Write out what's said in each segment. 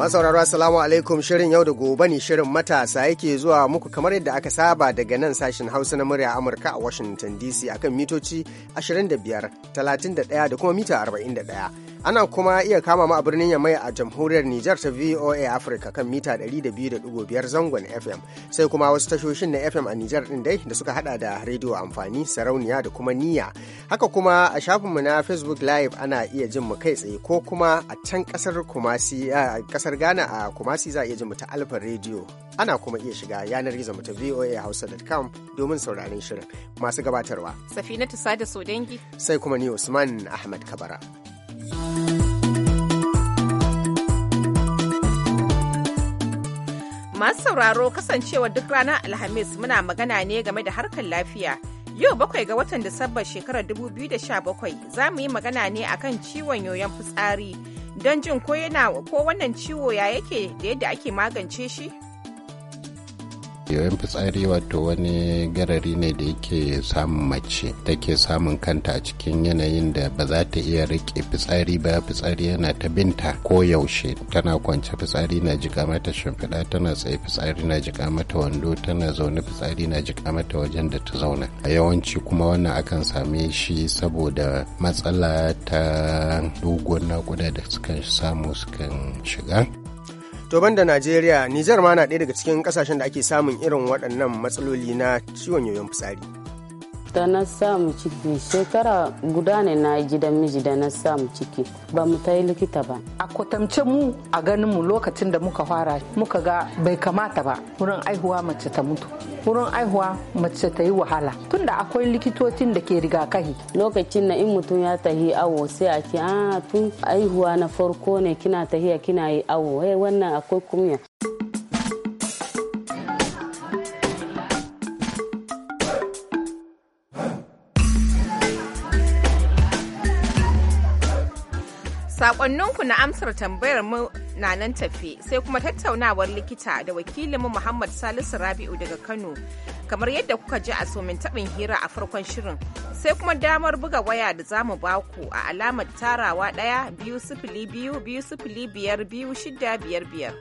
Masu sauraro Assalamu alaikum shirin yau da gobe ne shirin matasa yake zuwa muku kamar yadda aka saba daga nan sashen Hausa na murya Amurka a Washington DC akan mitoci 25, 31 da kuma mita 41. ana kuma iya kama mu a birnin yamai a jamhuriyar Nijar ta VOA Africa kan mita 200.5 zangon FM sai kuma wasu tashoshin na FM a Nijar din dai da suka hada da rediyo amfani sarauniya da kuma niyya haka kuma a shafinmu na Facebook live ana iya jin mu kai tsaye ko kuma a can kasar Kumasi a kasar Ghana a Kumasi za a iya jin mu ta Alfa Radio ana kuma iya shiga yanar gizo mu ta voahausa.com domin sauraron shirin masu gabatarwa Safinatu Sada Sodengi sai kuma ni Usman Ahmad Kabara Masu sauraro kasancewa duk ranar Alhamis muna magana ne game da harkar lafiya. Yau bakwai ga watan Disambar shekarar 2017 za mu yi magana ne akan ciwon yoyon fitsari don jin ko ko wannan ciwo ya yake da yadda ake magance shi. yoyon fitsari wato wani garari ne da yake samun mace da ke samun kanta a cikin yanayin da ba za ta iya rike fitsari ba fitsari yana ta binta ko yaushe tana kwance fitsari na jika mata shimfiɗa tana tsaye fitsari na jika mata wando tana zaune fitsari na jika mata wajen da ta zauna a yawanci kuma wannan akan same shi saboda matsala ta na kuda da sukan samu sukan shiga To da Najeriya, Nijar ma na daya daga cikin ƙasashen da ake samun irin waɗannan matsaloli na ciwon yoyon fitsari. da na samu ciki shekara guda ne na gidan miji da na samu ciki ba mu ta yi likita ba a kwatance mu a ganin mu lokacin da muka fara muka ga bai kamata ba wurin aihuwa mace ta mutu wurin aihuwa mace ta yi wahala Tun da akwai likitocin da ke rigakahi lokacin na in mutum ya tahi awo sai a ce a ah, tun aihuwa na farko ne kina tahiya kina yi awo eh, wannan akwai kunya. Sakonninku na amsar tambayar mu na nan tafi sai kuma tattaunawar likita da wakilinmu Muhammad Salisu Rabi'u daga Kano kamar yadda kuka ji a somin taɓin hira a farkon shirin sai kuma damar buga waya da za mu baku a alamar tarawa ɗaya biyu sifili biyu biyu sifili biyar biyu shida biyar biyar.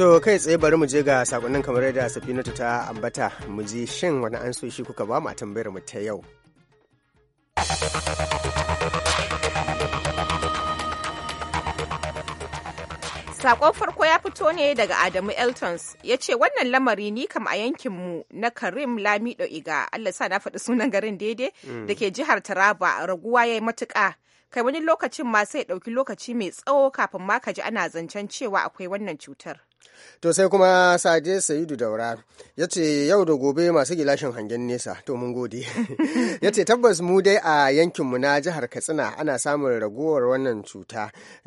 To kai tsaye bari mu je ga sakonnin kamar yadda Safinatu ta ambata mu je shin wani an so shi kuka ba mu a tambayar mu ta yau. Sakon farko ya fito ne daga Adamu Eltons ya ce wannan lamari ni kam a yankinmu na Karim Lamido Iga Allah sa na faɗi sunan garin daidai mm. da ke jihar Taraba raguwa ya yi matuƙa kai wani lokacin ma sai ɗauki lokaci mai tsawo kafin ma ka ji ana zancen cewa akwai wannan cutar. To sai kuma Sade Sa'idu Daura ya ce yau da gobe masu gilashin hangen nesa to mun gode. ya ce tabbas mu dai a yankinmu na jihar Katsina ana samun raguwar wannan cuta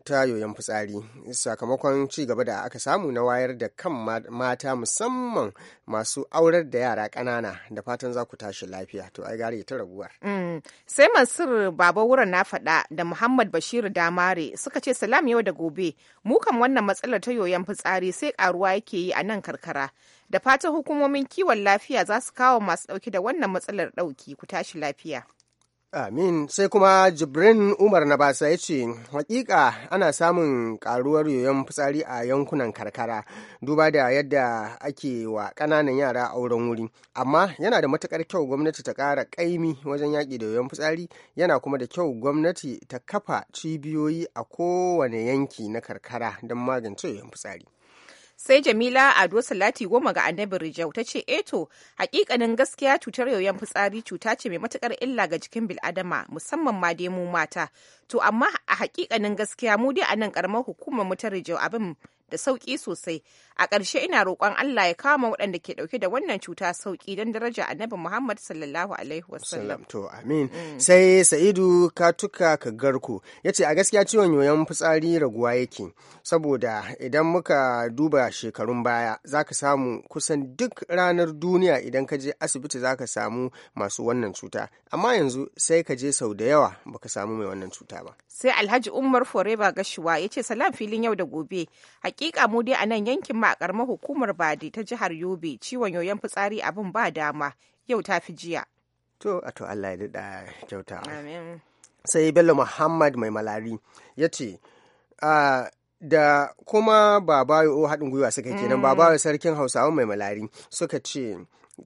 ta yoyon fitsari sakamakon ci gaba da aka samu na wayar da kan mata musamman masu aurar da yara ƙanana da fatan za ku tashi lafiya to ai gare ta raguwar. Mm. Sai masir Baba Wuran na faɗa da Muhammad bashir Damare suka ce salam yau da gobe mu kan wannan matsalar ta yoyon fitsari sai sai karuwa yake yi a nan karkara da fatan hukumomin kiwon lafiya za su kawo masu ɗauki da wannan matsalar ɗauki ku tashi lafiya Amin. Sai kuma Jibrin Umar na basa ya ce, hakika ana samun karuwar yoyon fitsari a yankunan karkara, duba da yadda ake wa kananan yara auren wuri. Amma yana da matukar kyau gwamnati ta ƙara ƙaimi wajen yaƙi da yoyon fitsari, yana kuma da kyau gwamnati ta kafa cibiyoyi a kowane yanki na karkara don magance yoyon fitsari. sai jamila ado salati goma ga annabi rijau ta ce eto eh hakikanin gaskiya cutar yoyon fitsari cuta ce mai matukar illa ga jikin biladama musamman ma dai mu mata to amma a hakikanin gaskiya mu dai a nan karamar hukumar mu ta rijau abin da sauƙi sosai. A ƙarshe ina roƙon Allah ya kama waɗanda ke ɗauke da wannan cuta sauki don daraja annabi Muhammad sallallahu alaihi wasallam. To amin. Mm. Sai Sa'idu ka tuka ka garku yace a gaskiya ciwon yoyon fitsari raguwa yake saboda idan muka duba shekarun baya zaka samu kusan duk ranar duniya idan ka je asibiti zaka samu masu wannan cuta amma yanzu sai ka je sau da yawa baka samu mai wannan cuta ba. Sai Alhaji Umar Foreba Gashuwa yace ce salam filin yau da gobe Hakika mu dai a nan yankin ma hukumar Bade ta jihar Yobe ciwon yoyon fitsari abin ba dama yau ta fi jiya. To a to Allah ya daɗa kyauta. Sai Bello Muhammad mai malari ya ce da kuma babayo haɗin gwiwa suka kenan babayo sarkin hausawa mai malari suka ce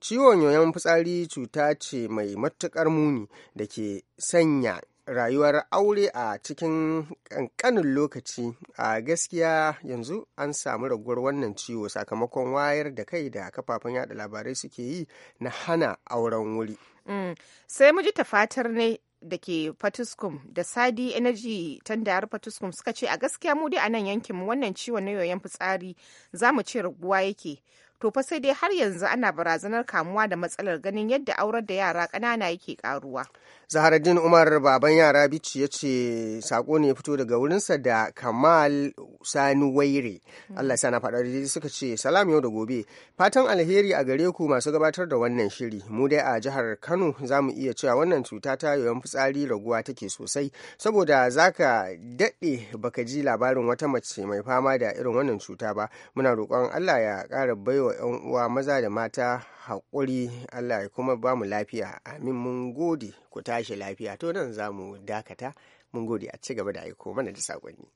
ciwon yoyon fitsari cuta ce mai matukar muni da ke sanya rayuwar aure a cikin ƙanƙanin lokaci a gaskiya yanzu an samu raguwar wannan ciwo sakamakon wayar da kai da kafafen yada labarai suke yi na hana auren wuri mm. sai mu ji ta fatar ne da ke fatuskum da sadi energy tandayar fatuskum suka ce a gaskiya mu dai a nan yankin mu wannan ciwon na yoyon fitsari za mu ce raguwa yake to fa sai dai har yanzu ana barazanar kamuwa da matsalar ganin yadda aurar da yara ƙanana yake ƙaruwa. zaharaddin umar baban yara bici ya ce sako ne fito daga wurinsa da kamal sani waire hmm. allah sana faɗari suka ce salam yau da gobe fatan alheri a gare ku masu gabatar da wannan shiri mu dai a jihar kano za mu iya cewa wannan cuta ta yoyon fitsari raguwa take sosai saboda zaka daɗe baka ji labarin wata mace mai fama da irin wannan cuta ba muna roƙon allah ya ƙara baiwa 'yan uwa maza da mata haƙuri allah ya kuma ba mu lafiya amin mun gode ku ta tashi lafiya to nan za mu dakata mun gode a ci gaba da aiko mana da saƙonni.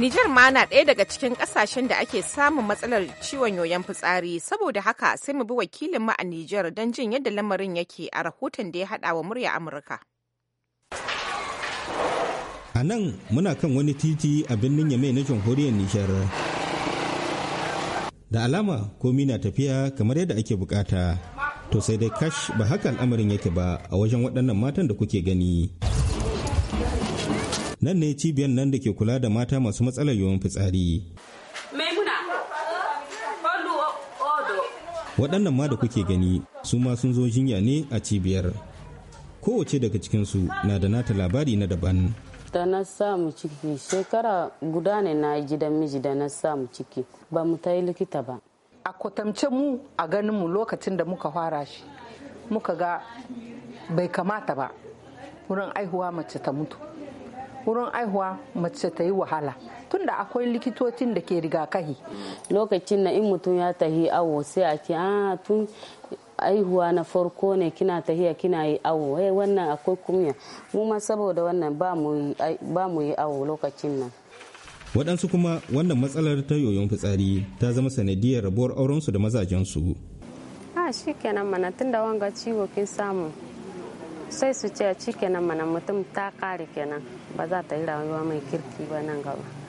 Nijar ma na ɗaya daga cikin ƙasashen da ake samun matsalar ciwon yoyon fitsari saboda haka sai mu bi wakilin mu a Nijar don jin yadda lamarin yake a rahoton da ya haɗa wa murya Amurka. A nan muna kan wani titi a birnin Yamai na jamhuriyar Nijar. da alama komi na tafiya kamar yadda ake bukata to sai dai kash ba haka al'amarin yake ba a wajen waɗannan matan da kuke gani nan ne cibiyar nan da ke kula da mata masu matsalar yawan fitsari waɗannan ma da kuke gani su ma sun zo jinya ne a cibiyar kowace daga cikinsu na da nata labari na daban da na samu ciki shekara guda ne na gidan miji da na samu ciki ba mu ta yi likita ba a kwatance mu a ganin mu lokacin da muka fara shi muka ga bai kamata ba wurin aihuwa mace ta mutu wurin aihuwa mace ta yi wahala tunda akwai likitocin da ke rigakahi lokacin na in mutum ya tahi awo sai a ce a ah, tun aihuwa na farko ne kina tahiya kina yi awo wai eh, wannan akwai kunya mu ma saboda wannan ba mu yi awo lokacin nan waɗansu kuma wannan matsalar ta yoyon fitsari ta zama sanadiyar rabuwar aurensu da mazajensu a ah, shi kenan mana tun wanga ciwo kin samu sai su ce shi kenan mana mutum ta kare kenan ba za ta yi rayuwa mai kirki ba nan gaba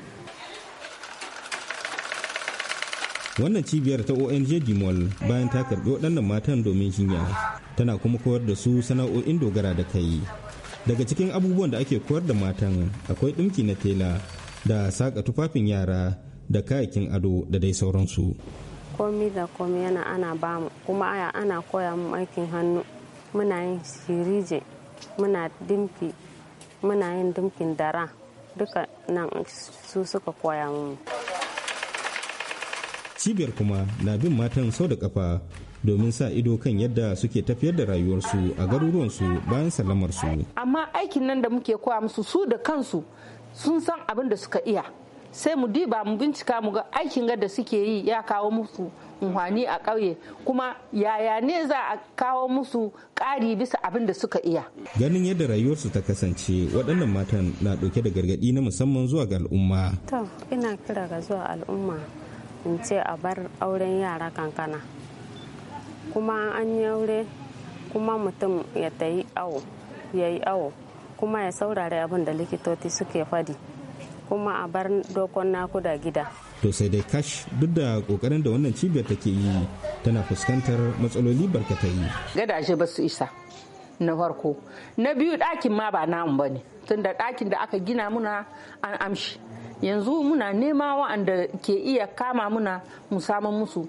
wannan cibiyar ta ong dimol bayan ta karbi waɗannan matan domin jinya tana kuma koyar da su sana'o'in dogara da kai daga cikin abubuwan da ake koyar da matan akwai ɗinki na tela da saƙa tufafin yara da kayakin ado da dai sauransu komi da komi yana ana bamu kuma aya ana koya mu aikin hannu muna yin shirije muna dimki muna yin dimkin dara duka nan su suka koya mu cibiyar kuma na bin matan sau da kafa domin sa ido kan yadda suke tafiyar da rayuwarsu a garuruwansu bayan sallamarsu amma aikin nan da muke koya musu su da kansu sun san abin da suka iya sai mu diba mu bincika mu ga aikin da suke yi ya kawo musu unhwani a ƙauye kuma yaya ne za a kawo musu ƙari bisa abin da suka iya ganin yadda rayuwarsu ta kasance waɗannan matan na ɗauke da gargaɗi na musamman zuwa ga al'umma to ina kira ga zuwa al'umma in ce a bar auren yara kankana kuma an yi aure kuma mutum ya ta yi awo ya yi awo kuma ya saurari abin da likitoci suke fadi kuma a bar dokon nakuda gida to sai dai kash duk da kokarin da wannan cibiyar take yi tana fuskantar matsaloli barkatai gadashe ba su isa na farko na biyu ɗakin ma ba namu ba ne tunda ɗakin da aka gina muna an amshi yanzu muna nema wa'anda ke iya kama muna mu musu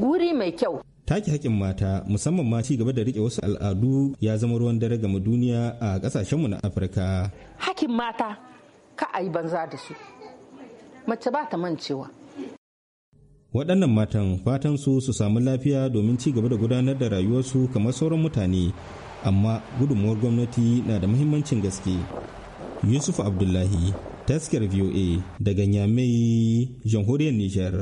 guri mai kyau taki hakin mata musamman ma ci gaba da rike wasu al'adu ya zama ruwan dare gama duniya a ƙasashenmu na afirka haƙƙin mata ka a yi banza da su mace ba ta mancewa waɗannan matan fatan su su samu lafiya domin ci gaba da gudanar da rayuwarsu kamar sauran mutane amma gudunmuwar gwamnati na da muhimmancin gaske Yusuf Abdullahi, taskar VOA daga Nyamai, jamhuriyar Nijar.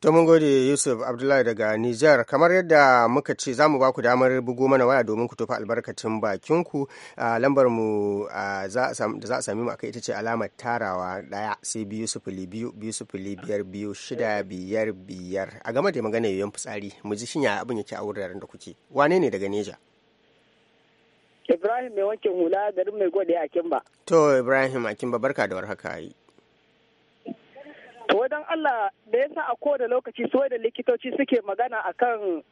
tomin mun gode Yusuf Abdullahi daga Nijar kamar yadda muka ce za mu ba ku damar bugu mana waya domin ku tofa albarkacin bakinku a lambar mu da za a sami maka ita ce alamar tarawa daya sai biyu sufuli biyu biyu sufuli biyar biyu shida biyar biyar a game da magana yoyon fitsari mu ji shinya abin yake a wuraren da kuke wane ne daga Nijar? Ibrahim mai wankin hula garin mai gode a Kimba. To Ibrahim a Kimba barka da warhaka yi. To wajen Allah da yasa a kowane lokaci su da likitoci suke magana akan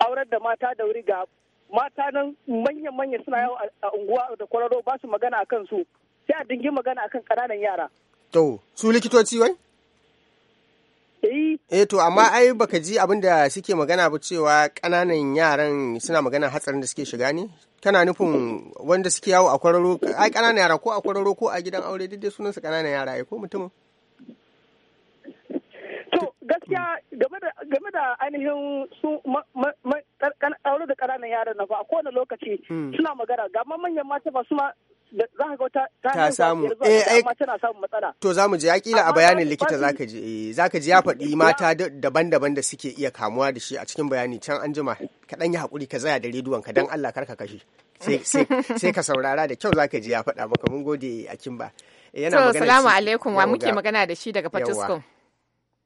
aurar da mata da wuri ga mata nan manya-manya suna yawo a unguwa da kwararo ba su magana akan su sai a dingin magana akan kananan yara. To su likitoci wai? Eh to amma ai baka ji abin da suke magana ba cewa ƙananan yaran suna magana hatsarin da suke shiga ne? Kana nufin wanda suke yawo a kwararo ai ƙananan yara ko a kwararo ko a gidan aure duk dai sunansu ƙananan yara ai ko mutumin? To gaskiya game da ainihin su aure da ƙananan yaran na ba a kowane lokaci hmm. suna magana ga manyan mata ba su za ka ta samu eh ai tana samun matsala to za mu je ya kila a bayanin likita za ka je eh, za ka je ya faɗi mata daban-daban da suke iya kamuwa da shi a cikin bayani can an jima ka yi hakuri ka zaya da rediyon ka dan Allah kar ka kashe sai ka saurara da kyau za ka je ya faɗa maka mun gode a kimba eh, yana magana salamu alaikum wa muke magana da shi daga Fatiskun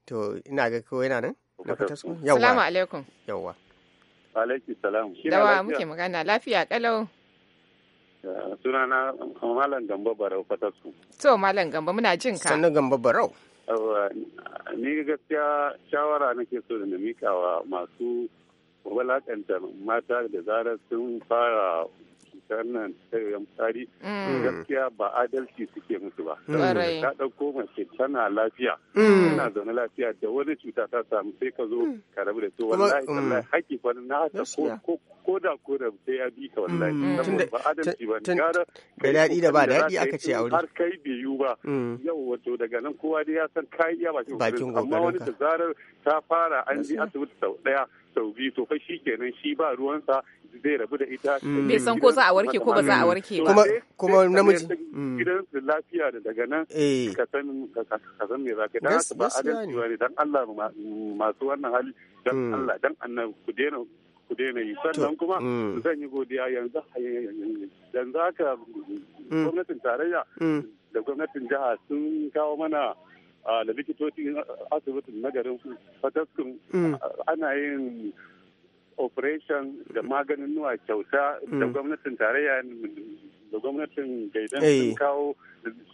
to ina ga ko yana nan na Fatiskun yawa salamu alaikum yawa alaikum salam dawa muke magana lafiya kalau sunana uh, malam gambo barau to malam gamba muna jin ka sannan gambo barau ni gaskiya shawara nake so da mika wa masu walakanta mata da zarar sun fara ta nan tsayoyin tsari mm. gaskiya ba adalci suke musu ba ta mm. ɗauko mace tana lafiya mm. tana zaune lafiya da wani cuta ta samu sai ka zo ka rabu da to wallahi wallahi haƙi fa na ta ko ko da ko da sai ya bi ka wallahi ba adalci ba gara da daɗi da ba daɗi aka ce aure har kai biyu ba yau wato daga nan kowa dai ya san kai ya bakin amma wani da zarar ta fara an ji asibiti sau ɗaya sau biyu to fa shi kenan shi ba ruwansa zai rabu da ita mm. bai san ko za a warke ko ba za a warke ba kuma namiji gidan mm. su lafiya da daga nan eh. ka san ka san me zaka dan ba adalciwa ne dan Allah masu wannan hali dan mm. Allah dan annabi ku daina ku daina yi sannan kuma zan yi godiya yanzu yanzu haka gwamnatin tarayya da gwamnatin jiha sun kawo mana da likitocin asibitin na garin fataskin mm. ana yin operation da maganin nuwa kyauta da mm. gwamnatin tarayya da gwamnatin gaidan sun kawo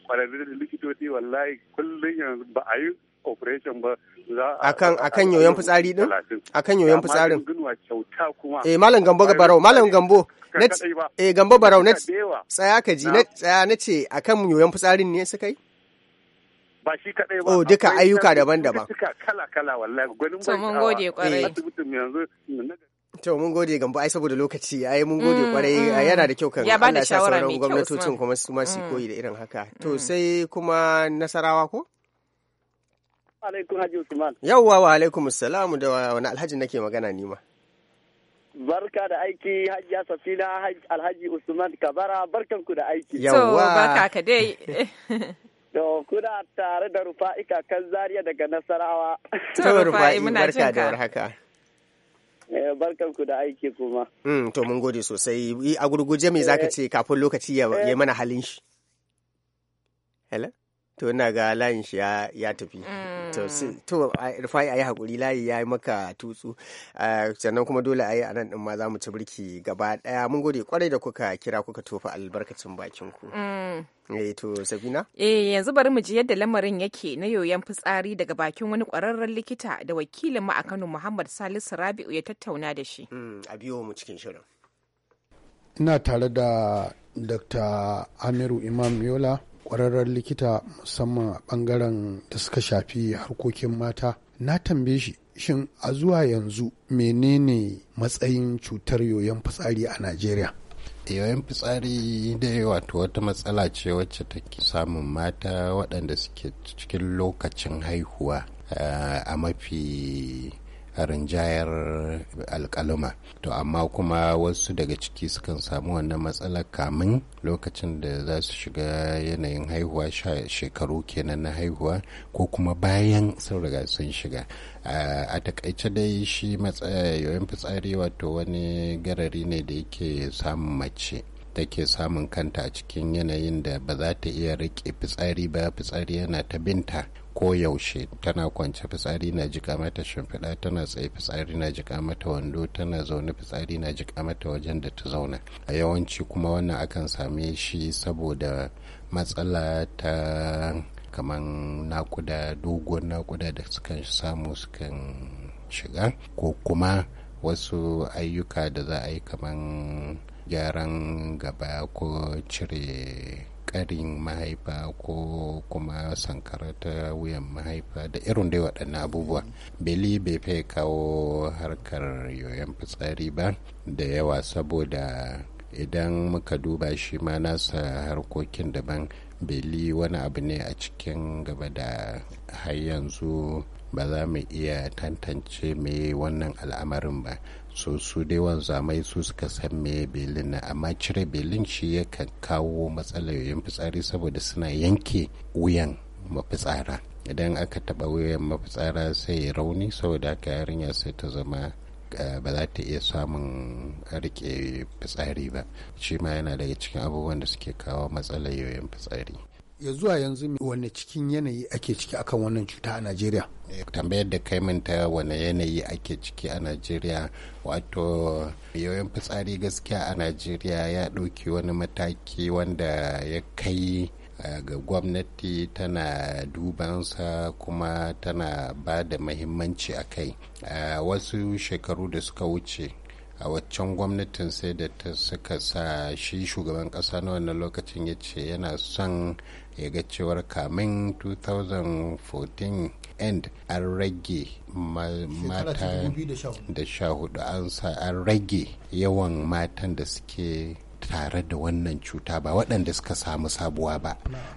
kwararrun likitoci wallahi kullum yanzu ba a yi operation ba a akan akan yoyon fitsari din akan yoyon fitsarin eh malam gambo barau malam gambo eh gambo barau net, tsaya ka ji na tsaya nace akan yoyon fitsarin ne suka yi ba shi kadai ba oh duka ayyuka daban-daban duka kala-kala wallahi gwanin ba. mun gode kwarai yanzu to mun gode gambo ai saboda lokaci ai mun gode mm, kwarai mm. yana da kyau kan Allah ya sauran gwamnatocin kuma su ma su mm. koyi da irin haka to sai kuma nasarawa ko alaikum haji usman yawwa wa alaikum assalamu da wani alhaji nake magana ni ma Barka da aiki Hajiya Safina Alhaji Usman Kabara barkanku da aiki. Yawwa. So barka ka dai. To kuna tare da Rufa'i kakan zariya daga Nasarawa. To Rufa'i muna barka da warhaka. Eh, Barkan da aiki kuma. Mm, to mun gode sosai. A gurguje me zaka eh. ce kafin lokaci ya eh. mana halin shi? Hello? to ina ga layin shi ya tafi to mm. to rufai a yi hakuri layi ya yi maka tutsu sannan kuma dole a yi a ɗin ma zamu ci birki gaba daya mun gode kwarai da kuka kira kuka tofa albarkacin bakin ku mm. eh to sabina eh yanzu bari mu ji yadda lamarin yake na yoyan fitsari daga bakin wani kwararren likita da wakilin mu a Kano Muhammad Salisu Rabi'u ya tattauna da shi mm, a biyo mu cikin shirin ina tare da Dr. Amiru Imam Yola kwararren likita musamman a bangaren da suka shafi harkokin mata na tambaye shi shin a zuwa yanzu menene matsayin cutar yoyon fitsari a najeriya yoyon fitsari dai wato wata matsala ce wacce take samun mata waɗanda suke cikin lokacin haihuwa eh, a mafi a rinjayar alkaluma to amma kuma wasu daga ciki sukan samu wannan matsala kamun lokacin da za su shiga yanayin haihuwa shekaru kenan na haihuwa ko kuma bayan sun riga sun shiga a takaice dai shi yoyin fitsari wato wani garari ne da yake samun mace take samun kanta a cikin yanayin da ba za ta iya riƙe fitsari ba fitsari yana ta binta koyaushe tana kwance fitsari na jika mata shimfiɗa tana tsaye fitsari na jika mata wando tana zaune fitsari na jika mata wajen da ta zauna a yawanci kuma wannan akan same shi saboda matsala ta kamar nakuda dogon nakuda da sukan samu sukan shiga ko kuma wasu ayyuka da za a yi kamar gyaran gaba ko cire ƙarin mahaifa ko kuma sankara ta wuyan mahaifa da irin dai waɗannan abubuwa beli bai fai kawo harkar yoyon fitsari ba da yawa saboda idan muka duba shi ma nasa harkokin daban beli wani abu ne a cikin gaba da har yanzu ba za mu iya tantance mai wannan al'amarin ba so su dai wanzamai su suka san me belin na amma cire belin shi yakan kawo matsalar yoyin fitsari saboda suna yanke wuyan mafitsara idan aka taba wuyan mafitsara sai ya rauni saboda haka yarinya sai ta zama eh, ba za ta iya samun rike fitsari ba shi ma yana daga cikin abubuwan da suke kawo matsalar yoyin fitsari ya zuwa yanzu wanne cikin yanayi ake ciki akan wannan cuta a najeriya eh, tambayar da kai min ta wane yanayi ake ciki a najeriya wato yoyon fitsari gaskiya a najeriya ya ɗauki wani mataki wanda ya kai eh, ga gwamnati tana dubansa kuma tana ba da mahimmanci a kai eh, wasu shekaru da suka wuce a waccan gwamnatin sai da ta suka sa shi shugaban kasa na wannan lokacin ya ce yana son ya ga cewar kamin 2014 end an rage mata da sha hudu an sa an rage yawan matan da suke tare da wannan cuta ba waɗanda suka samu sabuwa ba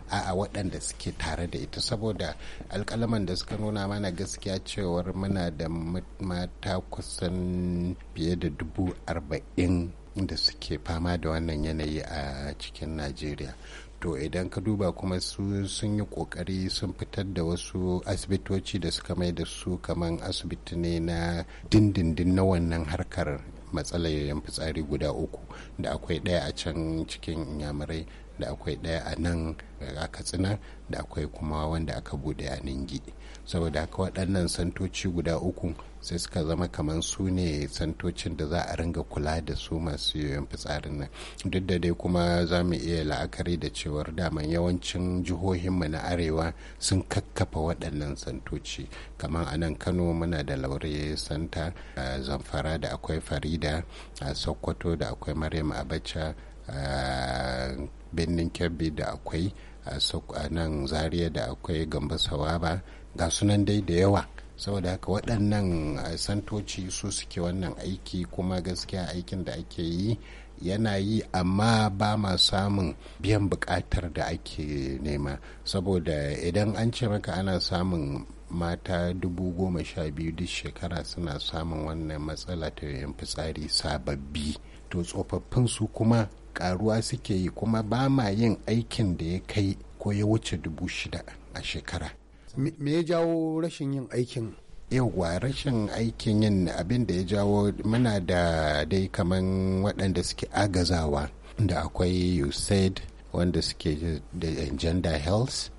a'a waɗanda suke tare da ita saboda alƙalaman da suka nuna mana gaskiya cewar muna da mata kusan fiye da dubu arba'in da suke fama da wannan yanayi a cikin najeriya to idan ka duba kuma su sun yi kokari sun fitar da wasu asibitoci da suka mai da su kamar asibiti ne na dindindin na wannan harkar matsalar yayin fitsari guda uku da akwai ɗaya a can cikin inyamurai da akwai ɗaya a nan a katsina da akwai kuma wanda aka bude a ningi saboda haka waɗannan santoci guda uku sai suka zama kamar su ne santocin da za a ringa kula da su masu yoyon fitsarin nan duk da dai kuma za mu iya la'akari da cewar daman yawancin jihohinmu na arewa sun kakkafa waɗannan santoci kamar a nan kano muna da laure santa a zamfara da akwai farida a sokoto da akwai maryam abacha a birnin kebbi da akwai a nan zaria da akwai gamba sawaba ga sunan dai da yawa saboda haka waɗannan eh, santoci su suke wannan aiki kuma gaskiya aikin da ake yi yana yi amma ba ma samun biyan buƙatar da ake nema saboda idan an ce maka ana samun mata dubu goma sha biyu duk shekara suna samun wannan matsala ta yin fitsari sababbi to tsofaffin su kuma karuwa suke yi kuma ba ma yin aikin da ya kai ko ya wuce dubu shida a shekara me ya jawo rashin yin aikin yauwa rashin aikin yin abin da ya jawo muna da dai kaman waɗanda suke agazawa da akwai usaid wanda suke da gender health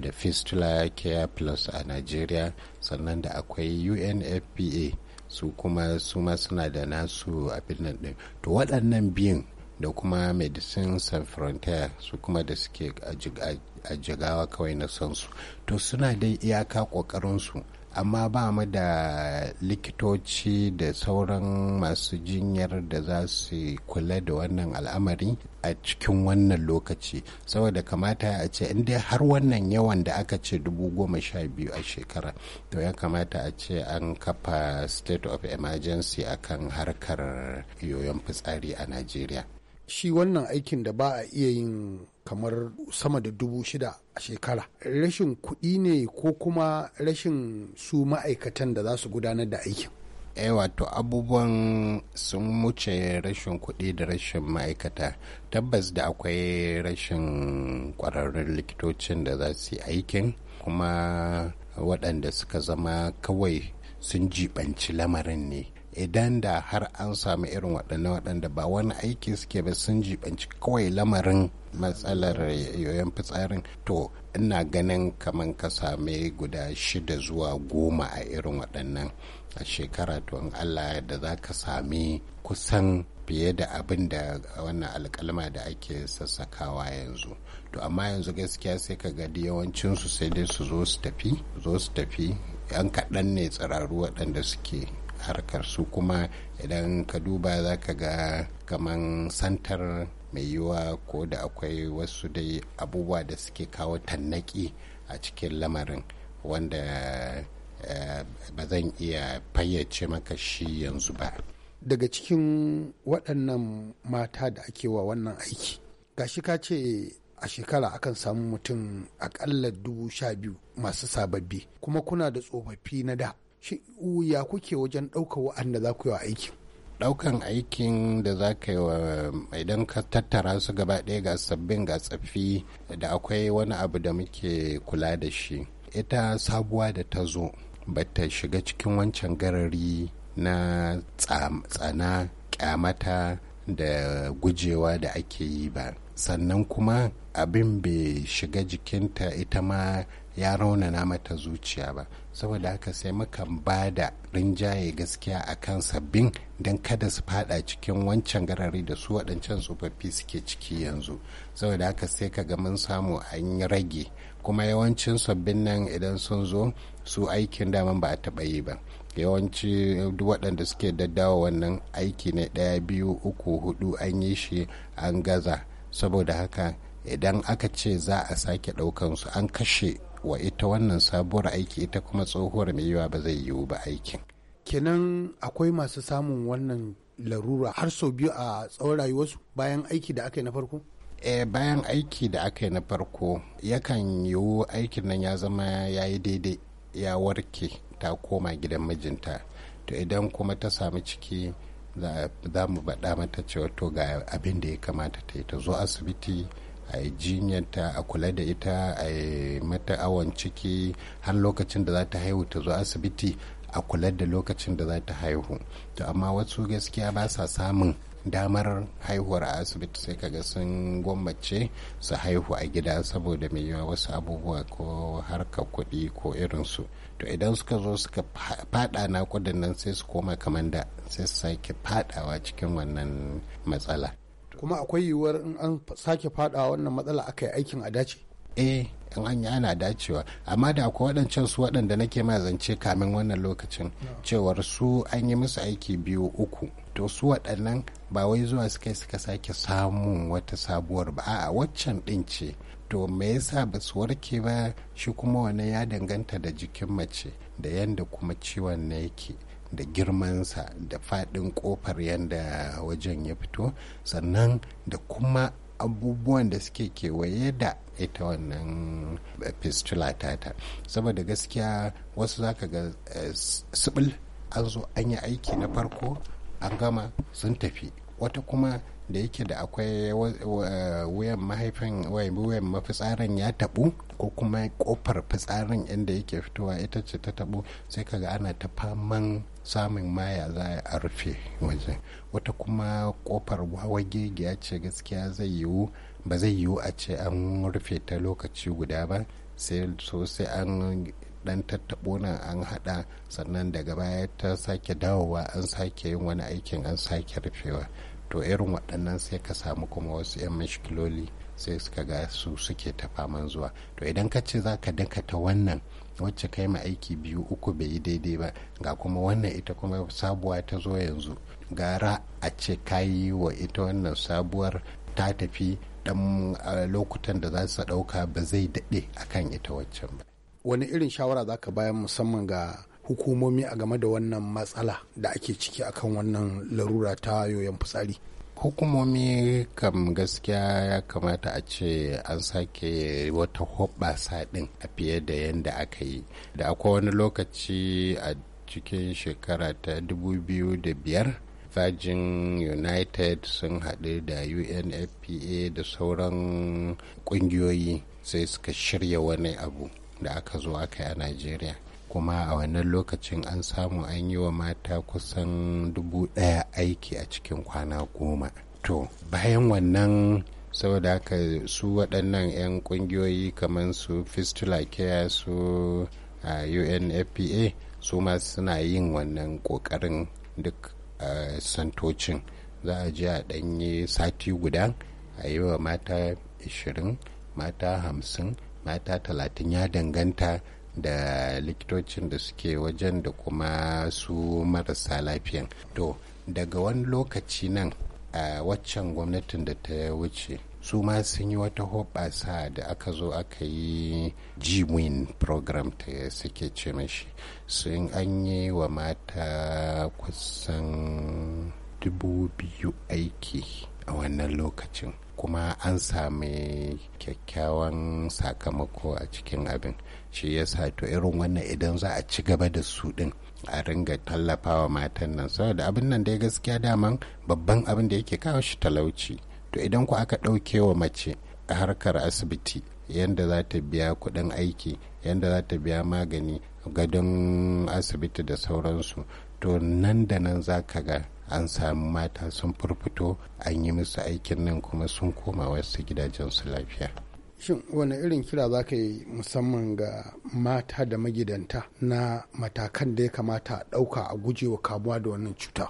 da fistula care plus a nigeria sannan da akwai unfpa su kuma su ma suna da nasu abin nan ɗin to waɗannan biyun da kuma medicine sans frontier su kuma da suke a a jigawa kawai na san su to suna dai iyaka su amma ba mu da likitoci da sauran masu jinyar da za su kula da wannan al'amari a cikin wannan lokaci saboda kamata a ce inda har wannan yawan da aka ce dubu goma sha biyu a shekara to ya kamata a ce an kafa state of emergency akan harkar yoyon fitsari a najeriya shi wannan aikin da ba a iya yin kamar sama da dubu shida a shekara rashin kuɗi ne ko kuma rashin su ma'aikatan da za su gudanar da aikin eh wato abubuwan sun wuce rashin kuɗi da rashin ma'aikata tabbas da akwai rashin ƙwararrun likitocin da za su yi aikin kuma waɗanda suka zama kawai sun jibanci lamarin ne idan da har an samu irin waɗannan waɗanda ba wani aiki suke ba sun jibanci kawai lamarin matsalar yoyon fitsarin to ina ganin kamar ka same guda shida zuwa goma a irin waɗannan a shekara to in allah da za ka sami kusan fiye da abin da wannan alkalma da ake sassakawa yanzu to amma yanzu gaskiya sai ka ga yawancinsu sai dai su zo su tafi zo tafi yan kaɗan ne tsiraru waɗanda suke harkar su kuma idan ka duba za ka ga kaman santar mai yiwa ko da akwai wasu dai abubuwa da suke kawo tannaki a cikin lamarin wanda eh, ba zan iya fayyace maka shi yanzu ba daga cikin waɗannan mata da ake wa wannan aiki gashi ka ce a shekara akan samu mutum akalla dubu sha biyu masu sababbi kuma kuna da tsofaffi na da shi ya kuke wajen ɗaukar wa'anda za ku yi wa aikin ɗaukan aikin da za ka yi wa idan ka tattara su gaba ɗaya ga sabbin ga tsaffi da akwai wani abu da muke kula da shi ita sabuwa da ta zo ba ta shiga cikin wancan garari na tsana kyamata da gujewa da ake yi ba sannan kuma abin bai shiga jikinta ita ma ya rauna raunana mata zuciya ba saboda haka sai mukan ba da rinjaye gaskiya a kan sabbin don kada su fada cikin wancan garari da su waɗancan tsofaffi suke ciki yanzu saboda haka sai ka ga mun samu an yi rage kuma yawancin sabbin nan idan sun zo su aikin daman ba a taɓa yi ba yawanci duk waɗanda suke daddawa wannan aiki ne ɗaya biyu uku hudu an yi shi an gaza saboda haka idan aka ce za a sake ɗaukansu an kashe wa ita wannan sabuwar aiki ita kuma tsohuwar mai yiwa ba zai yiwu ba aikin kenan akwai masu samun wannan larura har sau biyu a tsawon rayuwarsu bayan aiki da aka yi na farko eh bayan aiki da aka yi na farko yakan yiwu aikin nan ya zama ya yi daidai ya warke ta koma gidan mijinta to idan kuma ta sami ciki za mu baɗa mata cewa to ga abin da ya kamata ta yi ta zo asibiti a yi jinyarta a kula da ita a yi mata awon ciki har lokacin da za ta haihu ta zo asibiti a kula da lokacin da za ta haihu to amma wasu gaskiya ba sa samun damar haihuwar a asibiti sai kaga sun gwammace su haihu a gida saboda mai yiwa wasu abubuwa ko harka kuɗi ko irinsu to idan suka zo suka fada na nan sai su koma kamar da sai su sake fadawa cikin wannan matsala kuma akwai yiwuwar in an sake fada wannan matsala aka yi aikin a dace eh in an yi ana dacewa amma da akwai waɗancan su waɗanda nake ma zance kamin wannan lokacin cewar su an yi musu aiki biyu uku to su waɗannan ba wai zuwa suka suka sake samun wata sabuwar ba a'a waccan ɗin ce to me yasa ba su warke ba shi kuma wani ya danganta da jikin mace da yadda kuma ciwon na yake da girmansa da faɗin ƙofar yadda wajen ya fito sannan da kuma abubuwan da suke kewaye da ita wannan eh, fistula tata saboda gaskiya wasu zaka ga eh, sibil an zo an yi aiki na farko an gama sun tafi wata kuma da yake da akwai wuyan mahaifin wuyan mafitsarin ya tabu ko kuma kofar fitsarin inda yake fitowa ita ce ta tabu sai kaga ana ta faman samun maya za a rufe waje wata kuma kofar gegiya ce gaskiya zai yiwu ba zai yiwu a ce an rufe ta lokaci guda ba sai sosai an dan tattaɓo an haɗa sannan daga baya ta sake dawowa an sake yin wani aikin an sake rufewa to irin waɗannan sai ka samu kuma wasu 'yan mashikiloli sai suka ga su suke ta faman zuwa to idan ka ce za ka dakata wannan wacce kai ma aiki biyu uku bai yi daidai ba ga kuma wannan ita kuma sabuwa ta zo yanzu gara a ce kayi wa ita wannan sabuwar ta tafi dan lokutan da za su ɗauka ba zai daɗe akan ita waccan ba wani irin shawara za ka bayan musamman ga hukumomi a game da wannan matsala da ake ciki akan wannan larura ta yoyon fitsari hukumomi kam gaskiya ya kamata a ce an sake wata hoɓɓasa ɗin a fiye da yadda aka yi da akwai wani lokaci a cikin shekara ta biyar virgin united sun haɗu da unfpa da sauran ƙungiyoyi sai suka shirya wani abu da aka zo aka yi a nigeria kuma a wannan lokacin an samu an yi wa mata kusan dubu ɗaya aiki a cikin kwana goma to bayan wannan saboda haka su waɗannan 'yan ƙungiyoyi kamar su fistula care su unfpa su ma suna yin wannan ƙoƙarin duk santocin za a je a ɗanyi sati guda a yi wa mata 20 mata 50 mata 30 ya danganta da likitocin da suke wajen da kuma su marasa lafiyan to daga wani lokaci nan a waccan gwamnatin da ta wuce su ma sun yi wata hoɓasa da aka zo aka yi gwin program ta suke ce mashi sun an yi wa mata kusan dubu biyu aiki a wannan lokacin kuma an sami kyakkyawan sakamako a cikin abin shi ya sa to irin wannan idan za a ci gaba da su din a ringa tallafawa matan nan saboda abin nan da ya gaskiya daman babban abin da yake kawo shi talauci to idan ku aka ɗauke wa mace harkar asibiti yadda za ta biya kuɗin aiki yadda za ta biya magani gadon asibiti da sauransu to nan da nan za ka ga an samu mata sun furfuto an yi musu aikin nan kuma sun koma wasu gidajen su lafiya shin wani irin kira za ka yi musamman ga mata da magidanta na matakan da ya kamata a ɗauka a gujewa kamuwa da wannan cuta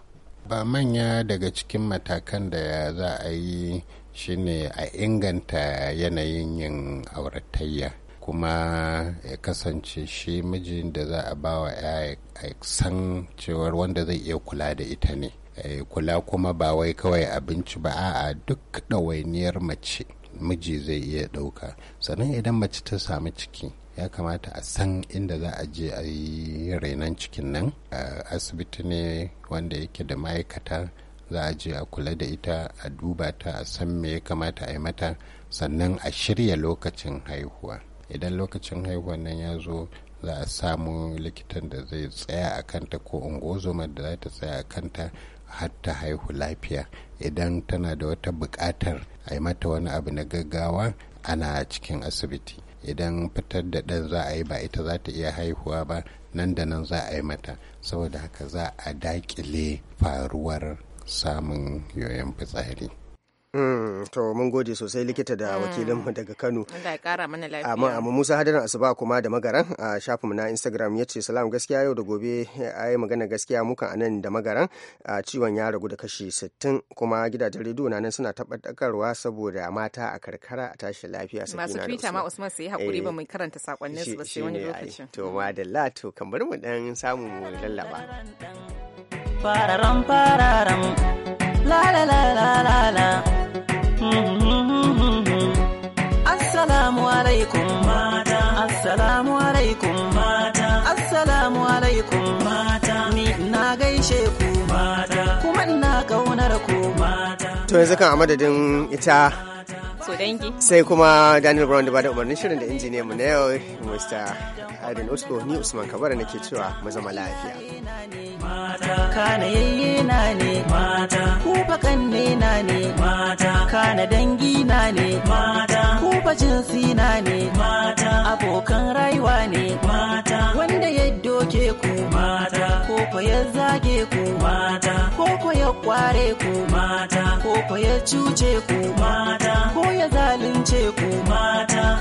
ba manya daga cikin matakan da za a yi shine a inganta yanayin yin auratayya kuma ya kasance shi mijin da za a ba ya san cewar wanda zai iya kula da ita ne Eh, kula kuma ba wai kawai abinci ba a duk ɗawainiyar mace miji zai iya ɗauka sannan idan mace ta samu ciki ya kamata a san inda za a je a yi renon cikin nan A asibiti ne wanda yake da ma'aikata za a je a kula da ita a duba ta a san me ya kamata a yi mata sannan a shirya lokacin haihuwa idan lokacin haihuwa nan ya zo za a samu likitan da zai tsaya a kanta ko ungozomar da za ta tsaya a kanta har ta haihu lafiya idan tana da wata buƙatar a yi mata wani abu na gaggawa ana cikin asibiti idan fitar da ɗan za a yi ba ita za ta iya haihuwa ba nan da nan za a yi mata saboda haka za a daƙile faruwar samun yoyon fitsari Mm, to mun gode sosai likita da mm. wakilinmu daga Kano. ya kara mana lafiya. Amma amma Musa Hadaran Asuba kuma da magaran a shafinmu na Instagram ya ce salam gaskiya yau da gobe eh, ai magana gaskiya muka anan da magaran a ciwon ya ragu da kashi 60 kuma gidajen rediyo na nan suna tabbatarwa saboda mata a karkara a tashi lafiya sakina. Masu Twitter ma Usman sai hakuri ba mu karanta sakonnin su eh, ba sai wani lokacin. To madalla to kamar mu dan samu lallaba. Fararan fararan La la la la la la. Mm-hmm. Assalamu alaikum mata. Assalamu alaikum mata. Assalamu alaikum mata. Ni na gaishe ku mata. Kuma ina kaunar ku mata. To yanzu kan a madadin ita so dangi sai kuma daniel brown da bada umarnin shirin da injiniyan mu na yau mr aidan usko ni usman kabara nake cewa mu zama lafiya mata kana yayyena ne mata ku bakan ne na ne mata kana dangi na ne mata ku ne mata abokan rayuwa ne mata wanda ya doke ku mata ko fa ya zage ku mata kware ku mata ko ya cuce ku mata ko ya zalunce ku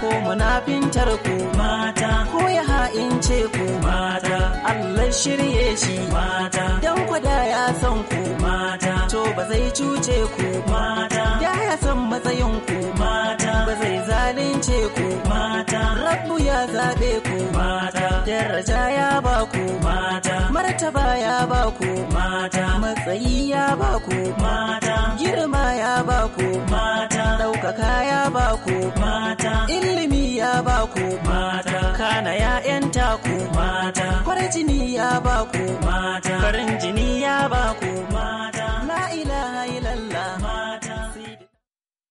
ko munafintar ku mata ko ya ha'ince ku mata Allah shirye shi mata dan kwada ya san ku mata to ba zai cuce ku mata da ya san matsayin ku mata ba zai zalunce ku mata rabbu ya zabe ku mata daraja ya ba ku mata martaba ya ba ku mata matsayi ya ba ku mata girma ya ba ku mata ɗaukaka kaya ba ku mata ilimi ya ba ku mata kana ya yanta ku mata farin ya ba ku mata farin jini ya ba ku